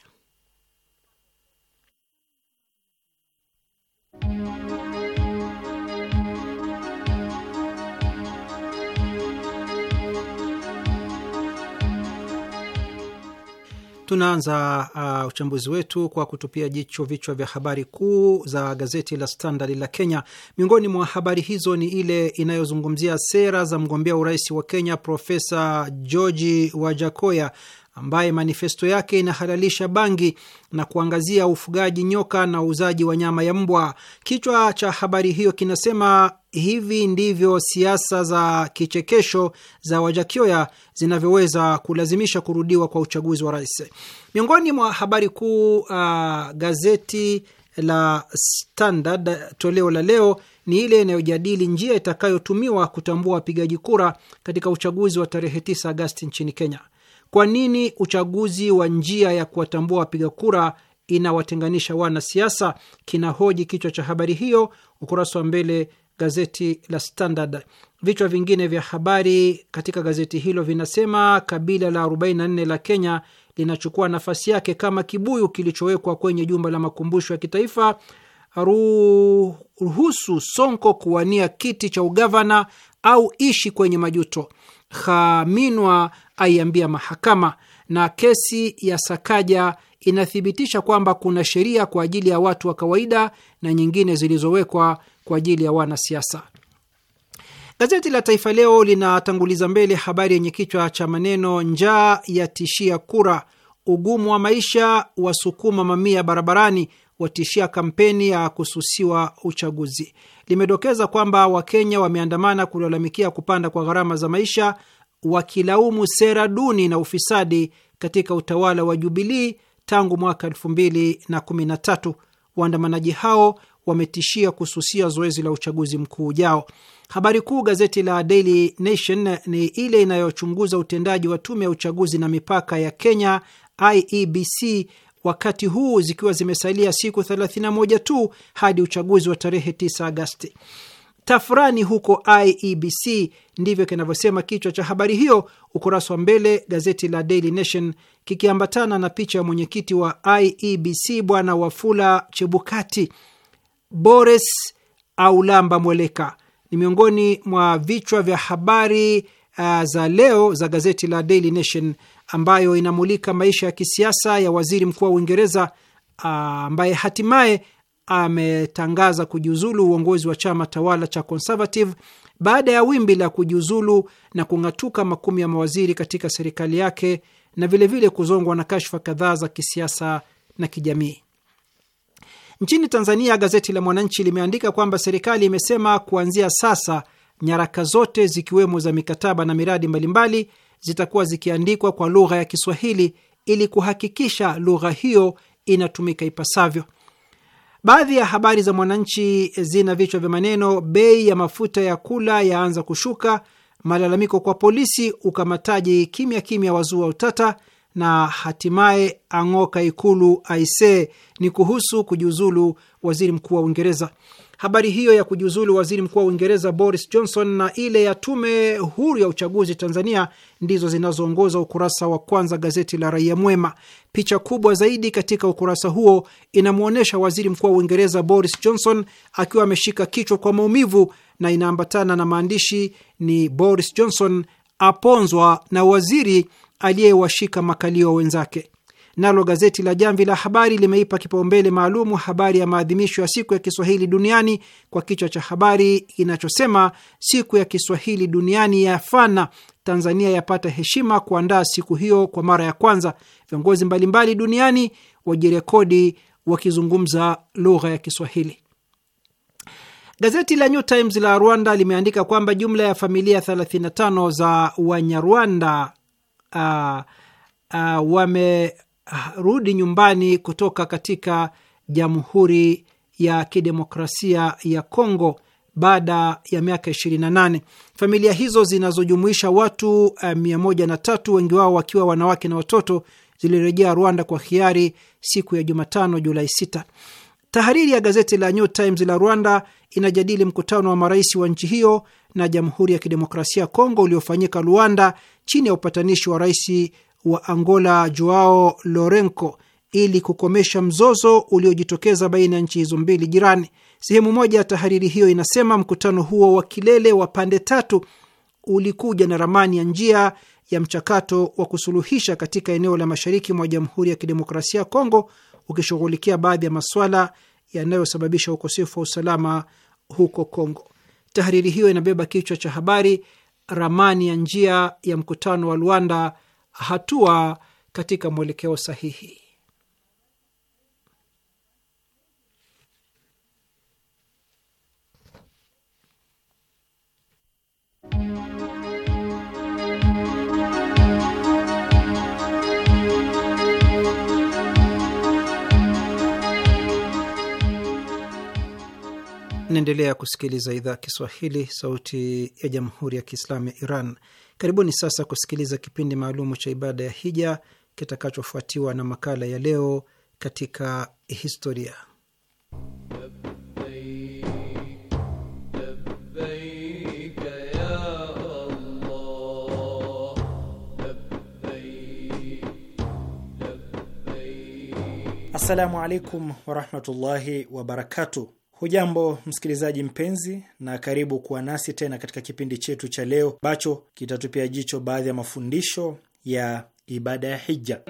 Tunaanza uh, uchambuzi wetu kwa kutupia jicho vichwa vya habari kuu za gazeti la Standard la Kenya. Miongoni mwa habari hizo ni ile inayozungumzia sera za mgombea urais wa Kenya Profesa George Wajakoya ambaye manifesto yake inahalalisha bangi na kuangazia ufugaji nyoka na uuzaji wa nyama ya mbwa. Kichwa cha habari hiyo kinasema hivi ndivyo siasa za kichekesho za Wajakioya zinavyoweza kulazimisha kurudiwa kwa uchaguzi wa rais. Miongoni mwa habari kuu uh, gazeti la Standard toleo la leo ni ile inayojadili njia itakayotumiwa kutambua wapigaji kura katika uchaguzi wa tarehe 9 Agasti nchini Kenya. Kwa nini uchaguzi wa njia ya kuwatambua wapiga kura inawatenganisha wanasiasa? Kinahoji kichwa cha habari hiyo, ukurasa wa mbele gazeti la Standard. Vichwa vingine vya habari katika gazeti hilo vinasema kabila la 44 la Kenya linachukua nafasi yake kama kibuyu kilichowekwa kwenye jumba la makumbusho ya kitaifa. Ruhusu Sonko kuwania kiti cha ugavana au ishi kwenye majuto. Khaminwa aiambia mahakama, na kesi ya Sakaja inathibitisha kwamba kuna sheria kwa ajili ya watu wa kawaida na nyingine zilizowekwa kwa ajili ya wanasiasa. Gazeti la Taifa Leo linatanguliza mbele habari yenye kichwa cha maneno njaa ya tishia kura, ugumu wa maisha wasukuma mamia barabarani, watishia kampeni ya kususiwa uchaguzi. Limedokeza kwamba Wakenya wameandamana kulalamikia kupanda kwa gharama za maisha, wakilaumu sera duni na ufisadi katika utawala wa Jubilii tangu mwaka 2013. Waandamanaji hao wametishia kususia zoezi la uchaguzi mkuu ujao. Habari kuu gazeti la Daily Nation ni ile inayochunguza utendaji wa tume ya uchaguzi na mipaka ya Kenya IEBC wakati huu zikiwa zimesalia siku 31 tu hadi uchaguzi wa tarehe 9 Agasti. tafurani huko IEBC, ndivyo kinavyosema kichwa cha habari hiyo, ukurasa wa mbele gazeti la Daily Nation, kikiambatana na picha ya mwenyekiti wa IEBC Bwana Wafula Chebukati. Boris aulamba mweleka ni miongoni mwa vichwa vya habari uh, za leo za gazeti la Daily Nation ambayo inamulika maisha ya kisiasa ya waziri mkuu wa Uingereza ah, ambaye hatimaye ametangaza kujiuzulu uongozi wa chama tawala cha Conservative baada ya wimbi la kujiuzulu na kung'atuka makumi ya mawaziri katika serikali yake na vilevile vile kuzongwa na kashfa kadhaa za kisiasa na kijamii. Nchini Tanzania, gazeti la Mwananchi limeandika kwamba serikali imesema kuanzia sasa nyaraka zote zikiwemo za mikataba na miradi mbalimbali zitakuwa zikiandikwa kwa lugha ya Kiswahili ili kuhakikisha lugha hiyo inatumika ipasavyo. Baadhi ya habari za Mwananchi zina vichwa vya maneno: bei ya mafuta ya kula yaanza kushuka, malalamiko kwa polisi, ukamataji kimya kimya wazua utata, na hatimaye ang'oka Ikulu aisee. Ni kuhusu kujiuzulu waziri mkuu wa Uingereza. Habari hiyo ya kujiuzulu waziri mkuu wa Uingereza Boris Johnson na ile ya tume huru ya uchaguzi Tanzania ndizo zinazoongoza ukurasa wa kwanza gazeti la Raia Mwema. Picha kubwa zaidi katika ukurasa huo inamwonyesha waziri mkuu wa Uingereza Boris Johnson akiwa ameshika kichwa kwa maumivu na inaambatana na maandishi ni Boris Johnson aponzwa na waziri aliyewashika makalio wenzake. Nalo gazeti la Jamvi la Habari limeipa kipaumbele maalumu habari ya maadhimisho ya siku ya Kiswahili duniani kwa kichwa cha habari kinachosema siku ya Kiswahili duniani yafana, Tanzania yapata heshima kuandaa siku hiyo kwa mara ya kwanza, viongozi mbalimbali duniani wajirekodi wakizungumza lugha ya Kiswahili. Gazeti la New Times la Rwanda limeandika kwamba jumla ya familia 35 za Wanyarwanda uh, uh, wame rudi nyumbani kutoka katika Jamhuri ya Kidemokrasia ya Kongo baada ya miaka 28. Familia hizo zinazojumuisha watu eh, tatu, wengi wao wakiwa wanawake na watoto, zilirejea Rwanda kwa hiari siku ya Jumatano, Julai 6. Tahariri ya gazeti la New Times la Rwanda inajadili mkutano wa marais wa nchi hiyo na Jamhuri ya Kidemokrasia ya Kongo uliofanyika Luanda chini ya upatanishi wa rais wa Angola Joao Lourenco ili kukomesha mzozo uliojitokeza baina ya nchi hizo mbili jirani. Sehemu moja ya tahariri hiyo inasema mkutano huo wa kilele wa pande tatu ulikuja na ramani ya njia ya mchakato wa kusuluhisha katika eneo la mashariki mwa Jamhuri ya Kidemokrasia ya Kongo, ukishughulikia baadhi ya masuala yanayosababisha ukosefu wa usalama huko Kongo. Tahariri hiyo inabeba kichwa cha habari ramani ya njia ya mkutano wa Luanda hatua katika mwelekeo sahihi. Naendelea kusikiliza idhaa ya Kiswahili, sauti ya jamhuri ya kiislamu ya Iran. Karibuni sasa kusikiliza kipindi maalumu cha ibada ya hija kitakachofuatiwa na makala ya leo katika historia. Assalamu alaikum warahmatullahi wabarakatuh. Hujambo msikilizaji mpenzi, na karibu kuwa nasi tena katika kipindi chetu cha leo ambacho kitatupia jicho baadhi ya mafundisho ya ibada ya hija.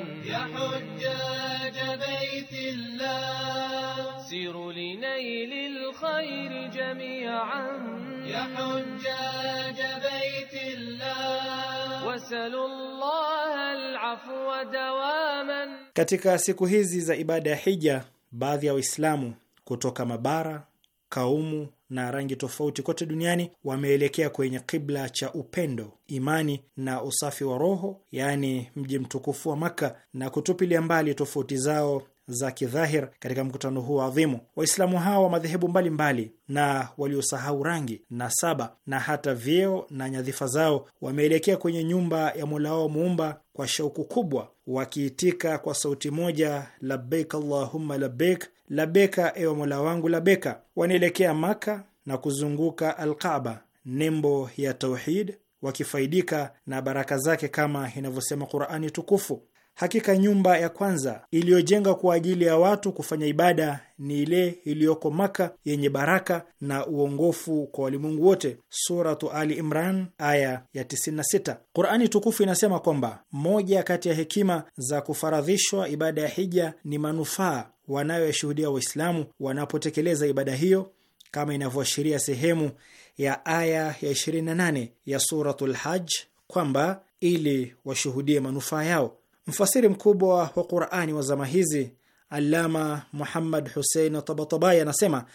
Katika siku hizi za ibada ya hija, baadhi ya Waislamu kutoka mabara, kaumu na rangi tofauti kote duniani wameelekea kwenye kibla cha upendo, imani na usafi wa roho, yaani mji mtukufu wa Makka, na kutupilia mbali tofauti zao za kidhahir katika mkutano huo adhimu. Waislamu hawa wa madhehebu mbalimbali na waliosahau rangi, na saba na hata vyeo na nyadhifa zao wameelekea kwenye nyumba ya Mola wao Muumba kwa shauku kubwa, wakiitika kwa sauti moja, labbeik allahumma labbeik labeka ewe mola wangu labeka. Wanaelekea Maka na kuzunguka alqaba nembo ya tauhid, wakifaidika na baraka zake kama inavyosema Qurani tukufu. Hakika nyumba ya kwanza iliyojenga kwa ajili ya watu kufanya ibada ni ile iliyoko Maka yenye baraka na uongofu kwa walimwengu wote. Suratu Ali Imran aya ya 96. Qurani tukufu inasema kwamba moja kati ya hekima za kufaradhishwa ibada ya hija ni manufaa wanayoyashuhudia Waislamu wanapotekeleza ibada hiyo kama inavyoashiria sehemu ya aya ya 28 ya Suratul Hajj kwamba ili washuhudie manufaa yao. Mfasiri mkubwa wa Qurani wa zama hizi alama Muhammad Husein Tabatabai anasema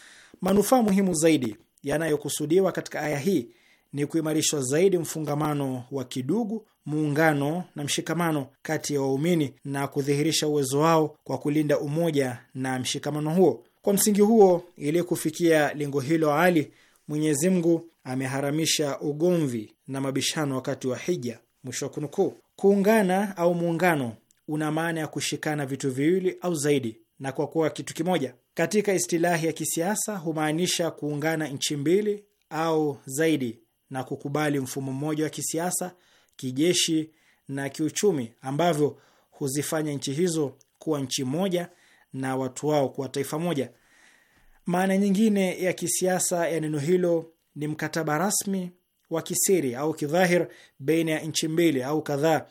manufaa muhimu zaidi yanayokusudiwa katika aya hii ni kuimarishwa zaidi mfungamano wa kidugu, muungano na mshikamano kati ya waumini na kudhihirisha uwezo wao kwa kulinda umoja na mshikamano huo. Kwa msingi huo, ili kufikia lengo hilo ali, Mwenyezi Mungu ameharamisha ugomvi na mabishano wakati wa hija. Mwisho wa kunukuu. Kuungana au muungano una maana ya kushikana vitu viwili au zaidi na kwa kuwa kitu kimoja. Katika istilahi ya kisiasa humaanisha kuungana nchi mbili au zaidi na kukubali mfumo mmoja wa kisiasa, kijeshi na kiuchumi ambavyo huzifanya nchi hizo kuwa nchi moja na watu wao kuwa taifa moja. Maana nyingine ya kisiasa ya neno hilo ni mkataba rasmi wa kisiri au kidhahir baina ya nchi mbili au kadhaa,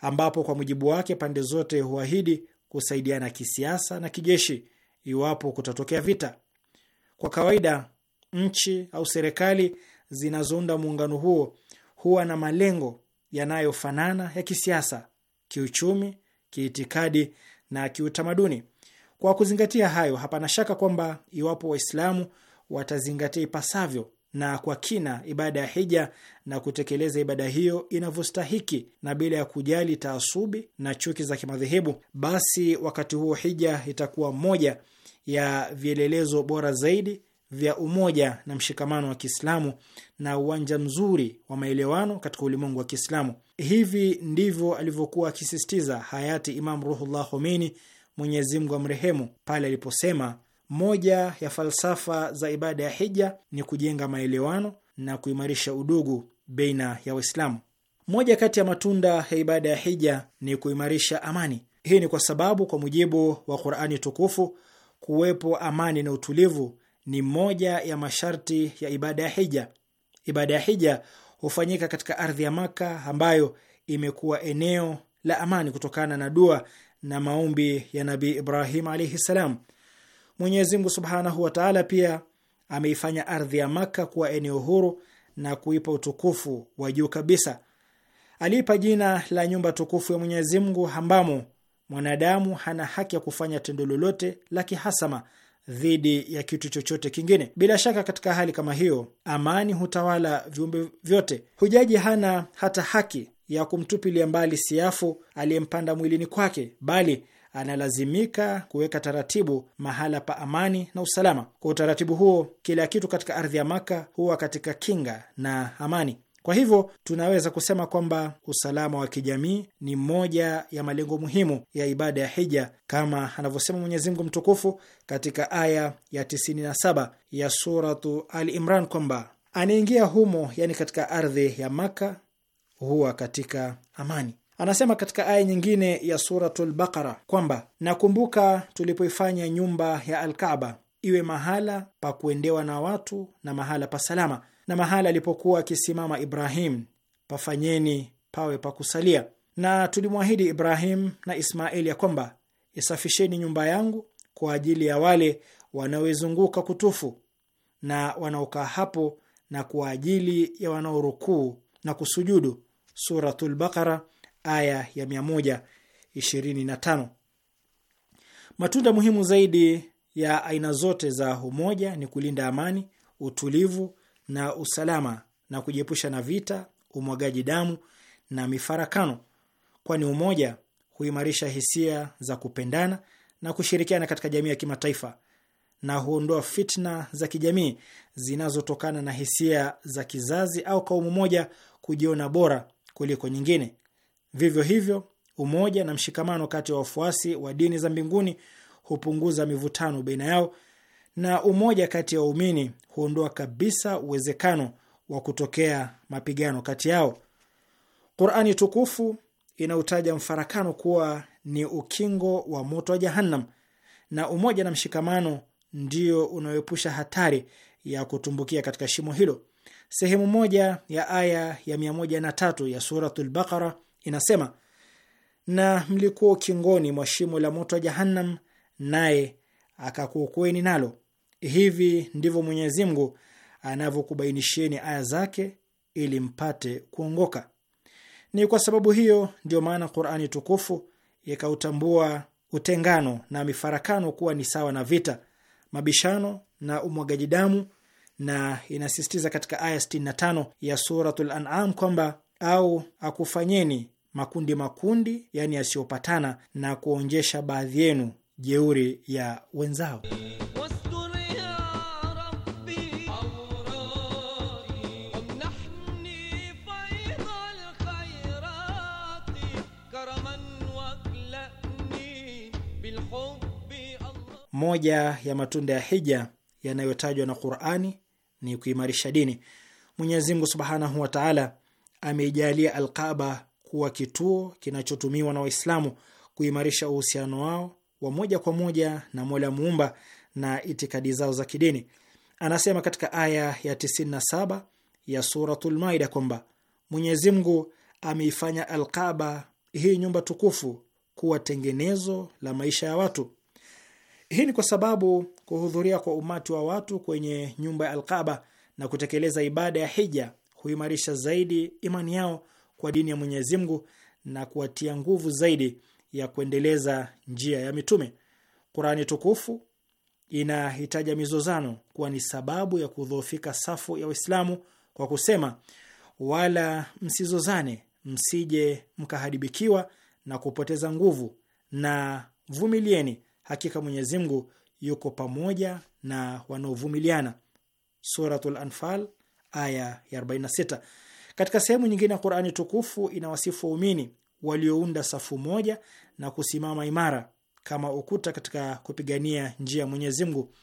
ambapo kwa mujibu wake pande zote huahidi kusaidiana kisiasa na kijeshi iwapo kutatokea vita. Kwa kawaida, nchi au serikali zinazounda muungano huo huwa na malengo yanayofanana ya kisiasa, kiuchumi, kiitikadi na kiutamaduni. Kwa kuzingatia hayo, hapana shaka kwamba iwapo Waislamu watazingatia ipasavyo na kwa kina ibada ya hija na kutekeleza ibada hiyo inavyostahiki na bila ya kujali taasubi na chuki za kimadhehebu, basi wakati huo hija itakuwa moja ya vielelezo bora zaidi vya umoja na mshikamano wa Kiislamu na uwanja mzuri wa maelewano katika ulimwengu wa Kiislamu. Hivi ndivyo alivyokuwa akisisitiza hayati Imam Ruhullah Khomeini, Mwenyezi Mungu amrehemu, pale aliposema moja ya falsafa za ibada ya hija ni kujenga maelewano na kuimarisha udugu baina ya Waislamu. Moja kati ya matunda ya ibada ya hija ni kuimarisha amani. Hii ni kwa sababu, kwa mujibu wa Qur'ani tukufu, kuwepo amani na utulivu ni moja ya masharti ya ibada ya hija. Ibada ya hija hufanyika katika ardhi ya Maka ambayo imekuwa eneo la amani kutokana na dua na maombi ya Nabii Ibrahim alaihi salam. Mwenyezi Mungu subhanahu wa taala pia ameifanya ardhi ya Maka kuwa eneo huru na kuipa utukufu wa juu kabisa. Aliipa jina la nyumba tukufu ya Mwenyezi Mungu ambamo mwanadamu hana haki ya kufanya tendo lolote la kihasama dhidi ya kitu chochote kingine. Bila shaka, katika hali kama hiyo, amani hutawala viumbe vyote. Hujaji hana hata haki ya kumtupilia mbali siafu aliyempanda mwilini kwake, bali analazimika kuweka taratibu mahala pa amani na usalama. Kwa utaratibu huo, kila kitu katika ardhi ya Maka huwa katika kinga na amani. Kwa hivyo tunaweza kusema kwamba usalama wa kijamii ni moja ya malengo muhimu ya ibada ya hija kama anavyosema Mwenyezi Mungu mtukufu katika aya ya 97 ya suratu Al Imran kwamba anaingia humo, yani katika ardhi ya Maka huwa katika amani. Anasema katika aya nyingine ya Suratul Baqara kwamba nakumbuka tulipoifanya nyumba ya Alkaba iwe mahala pa kuendewa na watu na mahala pa salama, na mahala alipokuwa akisimama Ibrahim pafanyeni pawe pa kusalia, na tulimwahidi Ibrahim na Ismaeli ya kwamba isafisheni nyumba yangu kwa ajili ya wale wanaoizunguka kutufu na wanaokaa hapo na kwa ajili ya wanaorukuu na kusujudu. Suratul Baqara aya ya 125. Matunda muhimu zaidi ya aina zote za umoja ni kulinda amani, utulivu na usalama na kujiepusha na vita, umwagaji damu na mifarakano, kwani umoja huimarisha hisia za kupendana na kushirikiana katika jamii ya kimataifa na huondoa fitna za kijamii zinazotokana na hisia za kizazi au kaumu moja kujiona bora kuliko nyingine. Vivyo hivyo, umoja na mshikamano kati ya wafuasi wa dini za mbinguni hupunguza mivutano baina yao, na umoja kati ya waumini huondoa kabisa uwezekano wa kutokea mapigano kati yao. Qurani tukufu inautaja mfarakano kuwa ni ukingo wa moto wa Jahannam, na umoja na mshikamano ndio unaoepusha hatari ya kutumbukia katika shimo hilo. Sehemu moja ya aya ya 103 ya Suratul Baqara inasema, na mlikuwa ukingoni mwa shimo la moto wa Jahannam, naye akakuokoeni nalo. Hivi ndivyo Mwenyezi Mungu anavyokubainishieni aya zake ili mpate kuongoka. Ni kwa sababu hiyo ndiyo maana Qur'ani tukufu ikautambua utengano na mifarakano kuwa ni sawa na vita, mabishano na umwagaji damu, na inasisitiza katika aya 65 ya Suratul An'am kwamba au akufanyeni makundi makundi, yaani yasiyopatana, na kuonjesha baadhi yenu jeuri ya wenzao. Moja ya matunda ya hija yanayotajwa na Qurani ni kuimarisha dini. Mwenyezi Mungu subhanahu wa taala ameijalia Alqaba kuwa kituo kinachotumiwa na Waislamu kuimarisha uhusiano wao wa moja kwa moja na Mola muumba na itikadi zao za kidini. Anasema katika aya ya 97 ya Suratul Maida kwamba Mwenyezi Mungu ameifanya Alkaba, hii nyumba tukufu, kuwa tengenezo la maisha ya watu. Hii ni kwa sababu kuhudhuria kwa umati wa watu kwenye nyumba ya Alkaba na kutekeleza ibada ya hija huimarisha zaidi imani yao kwa dini ya Mwenyezi Mungu na kuwatia nguvu zaidi ya kuendeleza njia ya mitume. Qurani tukufu inahitaja mizozano kuwa ni sababu ya kudhoofika safu ya Waislamu kwa kusema, wala msizozane, msije mkaharibikiwa na kupoteza nguvu, na vumilieni, hakika Mwenyezi Mungu yuko pamoja na wanaovumiliana. Suratul Anfal aya ya 46. Katika sehemu nyingine ya Qur'ani tukufu inawasifu waumini waliounda safu moja na kusimama imara kama ukuta katika kupigania njia ya Mwenyezi Mungu.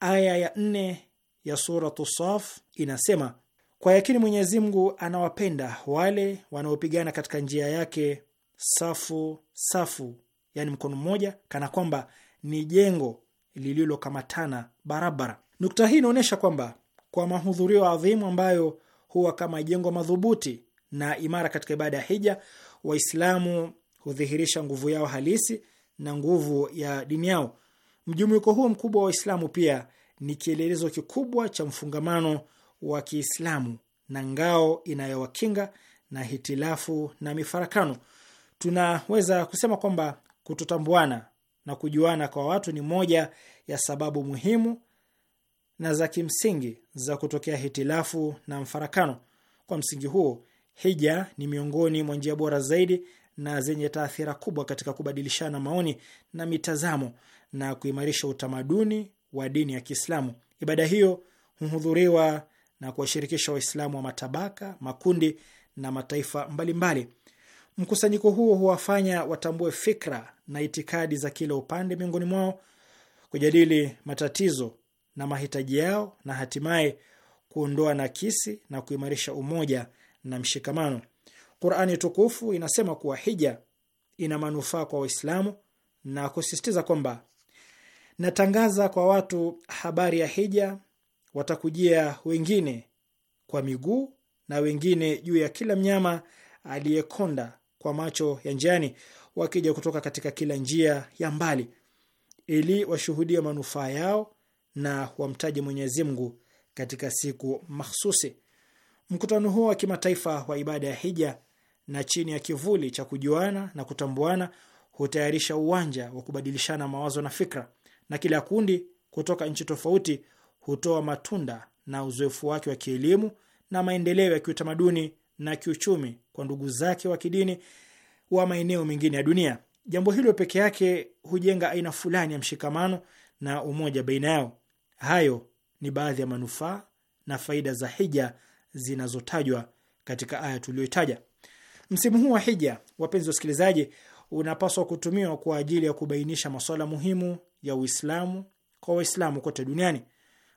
Aya ya nne ya suratu Saf inasema, kwa yakini Mwenyezi Mungu anawapenda wale wanaopigana katika njia yake safu safu, yani mkono mmoja, kana kwamba ni jengo lililokamatana barabara. Nukta hii inaonyesha kwamba kwa mahudhurio adhimu ambayo huwa kama jengo madhubuti na imara katika ibada ya hija. Waislamu hudhihirisha nguvu yao halisi na nguvu ya dini yao. Mjumuiko huo mkubwa wa Waislamu pia ni kielelezo kikubwa cha mfungamano wa Kiislamu na ngao inayowakinga na hitilafu na mifarakano. Tunaweza kusema kwamba kutotambuana na kujuana kwa watu ni moja ya sababu muhimu na za kimsingi za kutokea hitilafu na mfarakano. Kwa msingi huo, hija ni miongoni mwa njia bora zaidi na zenye taathira kubwa katika kubadilishana maoni na mitazamo na kuimarisha utamaduni wa dini ya Kiislamu. Ibada hiyo huhudhuriwa na kuwashirikisha Waislamu wa matabaka, makundi na mataifa mbalimbali mbali. Mkusanyiko huo huwafanya watambue fikra na itikadi za kila upande miongoni mwao, kujadili matatizo na mahitaji yao na hatimaye kuondoa nakisi na kuimarisha umoja na mshikamano. Qurani tukufu inasema kuwa hija ina manufaa kwa Waislamu na kusisitiza kwamba natangaza kwa watu habari ya hija, watakujia wengine kwa miguu na wengine juu ya kila mnyama aliyekonda kwa macho ya njiani, wakija kutoka katika kila njia ya mbali, ili washuhudie manufaa yao na wamtaje Mwenyezi Mungu katika siku mahsusi. Mkutano huo wa kimataifa wa ibada ya hija na chini ya kivuli cha kujuana na kutambuana hutayarisha uwanja wa kubadilishana mawazo na fikra, na kila kundi kutoka nchi tofauti hutoa matunda na uzoefu wake wa kielimu na maendeleo ya kiutamaduni na kiuchumi kwa ndugu zake wa kidini wa maeneo mengine ya dunia. Jambo hilo peke yake hujenga aina fulani ya mshikamano na umoja baina yao. Hayo ni baadhi ya manufaa na faida za hija zinazotajwa katika aya tuliyoitaja. Msimu huu wa hija, wapenzi wasikilizaji, unapaswa kutumiwa kwa ajili ya kubainisha masuala muhimu ya Uislamu kwa Waislamu kote duniani.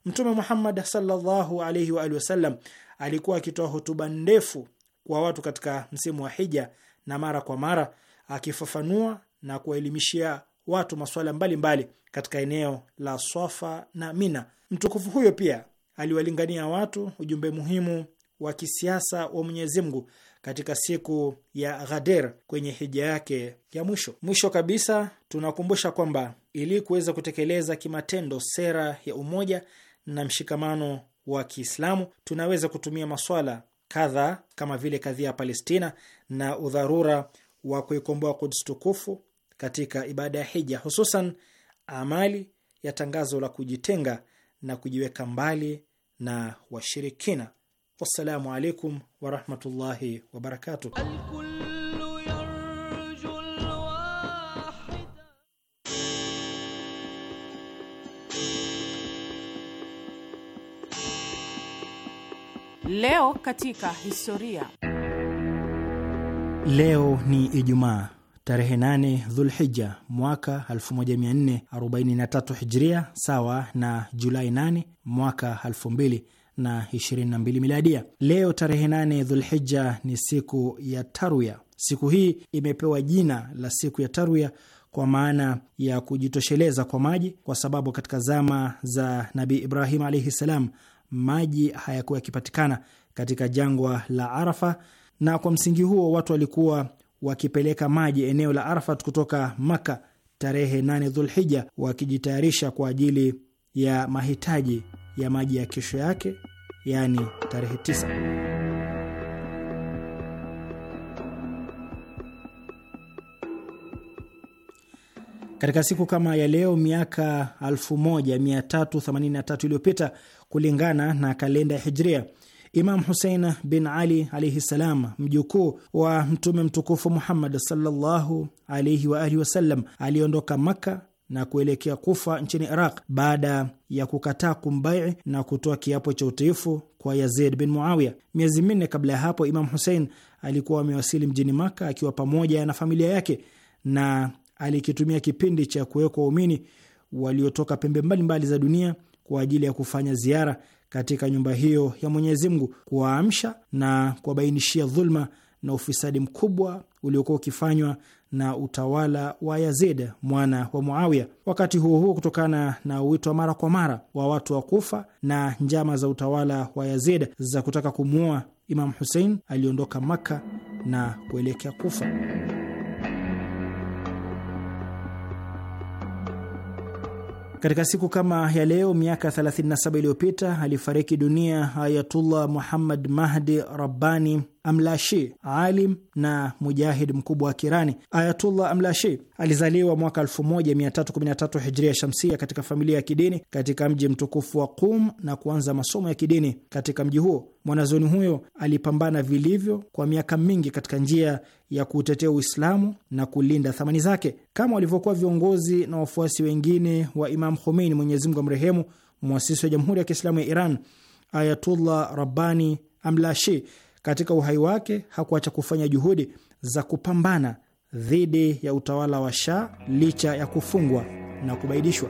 Mtume Muhammad sallallahu alaihi wa alihi wasallam alikuwa akitoa hotuba ndefu kwa watu katika msimu wa hija, na mara kwa mara akifafanua na kuwaelimishia watu masuala mbalimbali mbali katika eneo la Swafa na Mina. Mtukufu huyo pia aliwalingania watu ujumbe muhimu wa kisiasa wa Mwenyezi Mungu katika siku ya Ghadir kwenye hija yake ya mwisho. Mwisho kabisa, tunakumbusha kwamba ili kuweza kutekeleza kimatendo sera ya umoja na mshikamano wa Kiislamu, tunaweza kutumia maswala kadhaa kama vile kadhia ya Palestina na udharura wa kuikomboa Kuds tukufu katika ibada ya hija, hususan amali ya tangazo la kujitenga na kujiweka mbali na washirikina. Wassalamu alaikum warahmatullahi wabarakatuh. Leo katika historia. Leo ni Ijumaa tarehe 8 Dhulhija mwaka 1443 Hijria, sawa na Julai 8 mwaka 2022 Miladia. Leo tarehe 8 Dhulhija ni siku ya Tarwia. Siku hii imepewa jina la siku ya Tarwia kwa maana ya kujitosheleza kwa maji, kwa sababu katika zama za nabi Ibrahim alaihi ssalam maji hayakuwa yakipatikana katika jangwa la Arafa, na kwa msingi huo watu walikuwa wakipeleka maji eneo la Arfat kutoka Makka tarehe 8 Dhulhija, wakijitayarisha kwa ajili ya mahitaji ya maji ya kesho yake, yaani tarehe 9. Katika siku kama ya leo miaka 1383 iliyopita kulingana na kalenda ya Hijria, Imam Husein bin Ali alaihi ssalam, mjukuu wa Mtume mtukufu Muhammad sallallahu alaihi wa alihi wasallam, aliondoka Makka na kuelekea Kufa nchini Iraq baada ya kukataa kumbai na kutoa kiapo cha utiifu kwa Yazid bin muawia Miezi minne kabla ya hapo, Imam Husein alikuwa amewasili mjini Makka akiwa pamoja na familia yake na alikitumia kipindi cha kuwekwa waumini waliotoka pembe mbalimbali mbali za dunia kwa ajili ya kufanya ziara katika nyumba hiyo ya Mwenyezi Mungu, kuwaamsha na kuwabainishia dhulma na ufisadi mkubwa uliokuwa ukifanywa na utawala wa Yazid mwana wa Muawiya. Wakati huo huo, kutokana na wito wa mara kwa mara wa watu wa Kufa na njama za utawala wa Yazid za kutaka kumuua Imam husein aliondoka Makka na kuelekea Kufa. Katika siku kama ya leo miaka 37 iliyopita alifariki dunia Ayatullah Muhammad Mahdi Rabbani Amlashi, alim na mujahid mkubwa wa Kirani. Ayatullah Amlashi alizaliwa mwaka 1313 hijria shamsia katika familia ya kidini katika mji mtukufu wa Qum na kuanza masomo ya kidini katika mji huo. Mwanazoni huyo alipambana vilivyo kwa miaka mingi katika njia ya kuutetea Uislamu na kulinda thamani zake, kama walivyokuwa viongozi na wafuasi wengine wa Imam Khomeini, Mwenyezi Mungu amrehemu, mwasisi wa Jamhuri ya Kiislamu ya Iran. Ayatullah Rabbani Amlashi katika uhai wake hakuacha kufanya juhudi za kupambana dhidi ya utawala wa Shah licha ya kufungwa na kubaidishwa.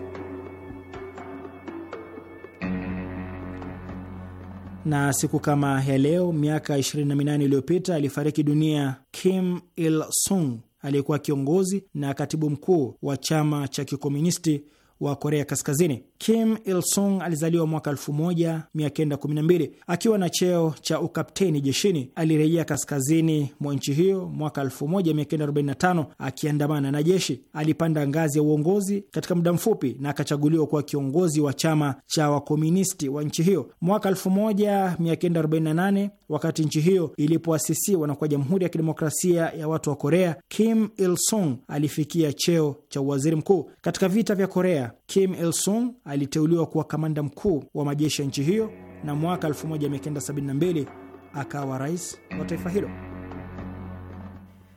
Na siku kama ya leo miaka 28 iliyopita alifariki dunia Kim Il Sung, aliyekuwa kiongozi na katibu mkuu wa chama cha kikomunisti wa Korea Kaskazini. Kim Il Sung alizaliwa mwaka 1912 akiwa na cheo cha ukapteni jeshini. Alirejea kaskazini mwa nchi hiyo mwaka 1945 akiandamana na jeshi. Alipanda ngazi ya uongozi katika muda mfupi na akachaguliwa kuwa kiongozi wa chama cha wakomunisti wa nchi hiyo mwaka 1948. Wakati nchi hiyo ilipoasisiwa na kuwa Jamhuri ya Kidemokrasia ya Watu wa Korea, Kim Il Sung alifikia cheo cha uwaziri mkuu. Katika vita vya Korea Kim Il Sung aliteuliwa kuwa kamanda mkuu wa majeshi ya nchi hiyo na mwaka 1972 akawa rais wa taifa hilo.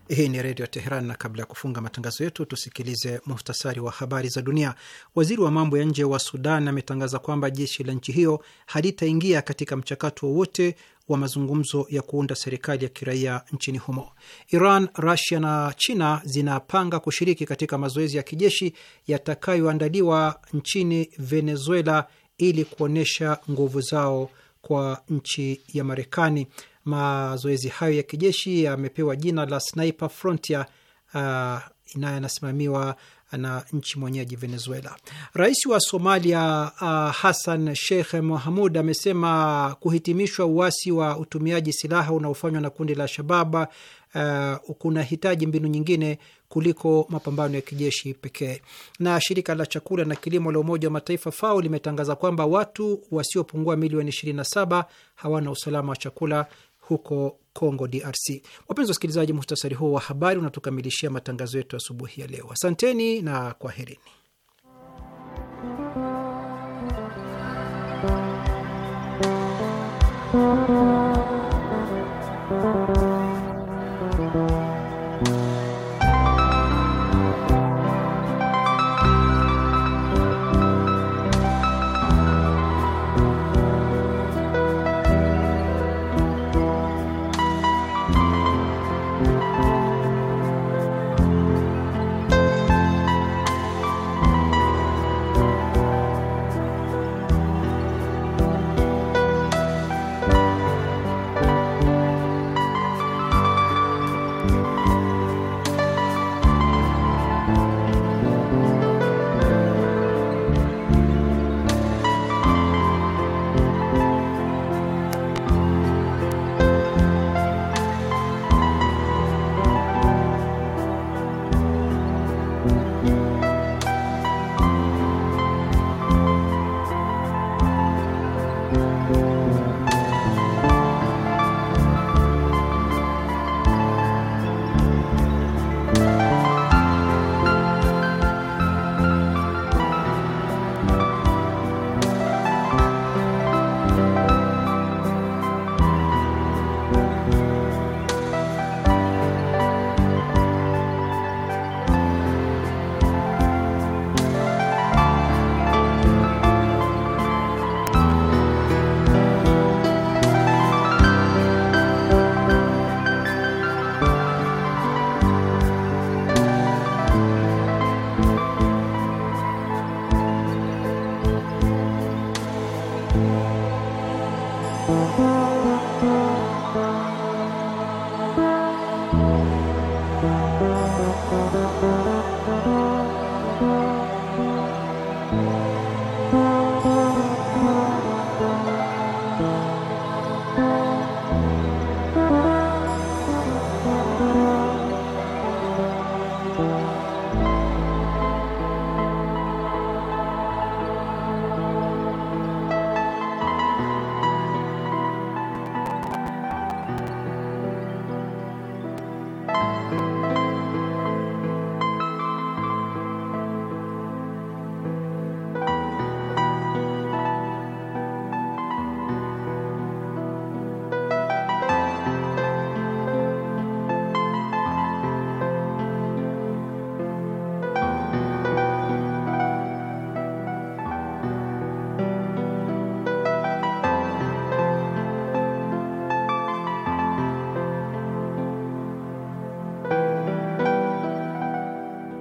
Hii ni Redio Teheran, na kabla ya kufunga matangazo yetu tusikilize muhtasari wa habari za dunia. Waziri wa mambo ya nje wa Sudan ametangaza kwamba jeshi la nchi hiyo halitaingia katika mchakato wowote wa mazungumzo ya kuunda serikali ya kiraia nchini humo. Iran, Rusia na China zinapanga kushiriki katika mazoezi ya kijeshi yatakayoandaliwa nchini Venezuela ili kuonyesha nguvu zao kwa nchi ya Marekani. Mazoezi hayo ya kijeshi yamepewa jina la Sniper Frontier uh, inayo yanasimamiwa na nchi mwenyeji Venezuela. Rais wa Somalia uh, Hassan Sheikh Mohamud amesema kuhitimishwa uasi wa utumiaji silaha unaofanywa na kundi la shabab uh, kunahitaji mbinu nyingine kuliko mapambano ya kijeshi pekee. Na shirika la chakula na kilimo la Umoja wa Mataifa FAO limetangaza kwamba watu wasiopungua milioni 27 hawana usalama wa chakula huko Congo DRC. Wapenzi wasikilizaji, muhtasari huo wa habari unatukamilishia matangazo yetu asubuhi ya leo. Asanteni na kwaherini.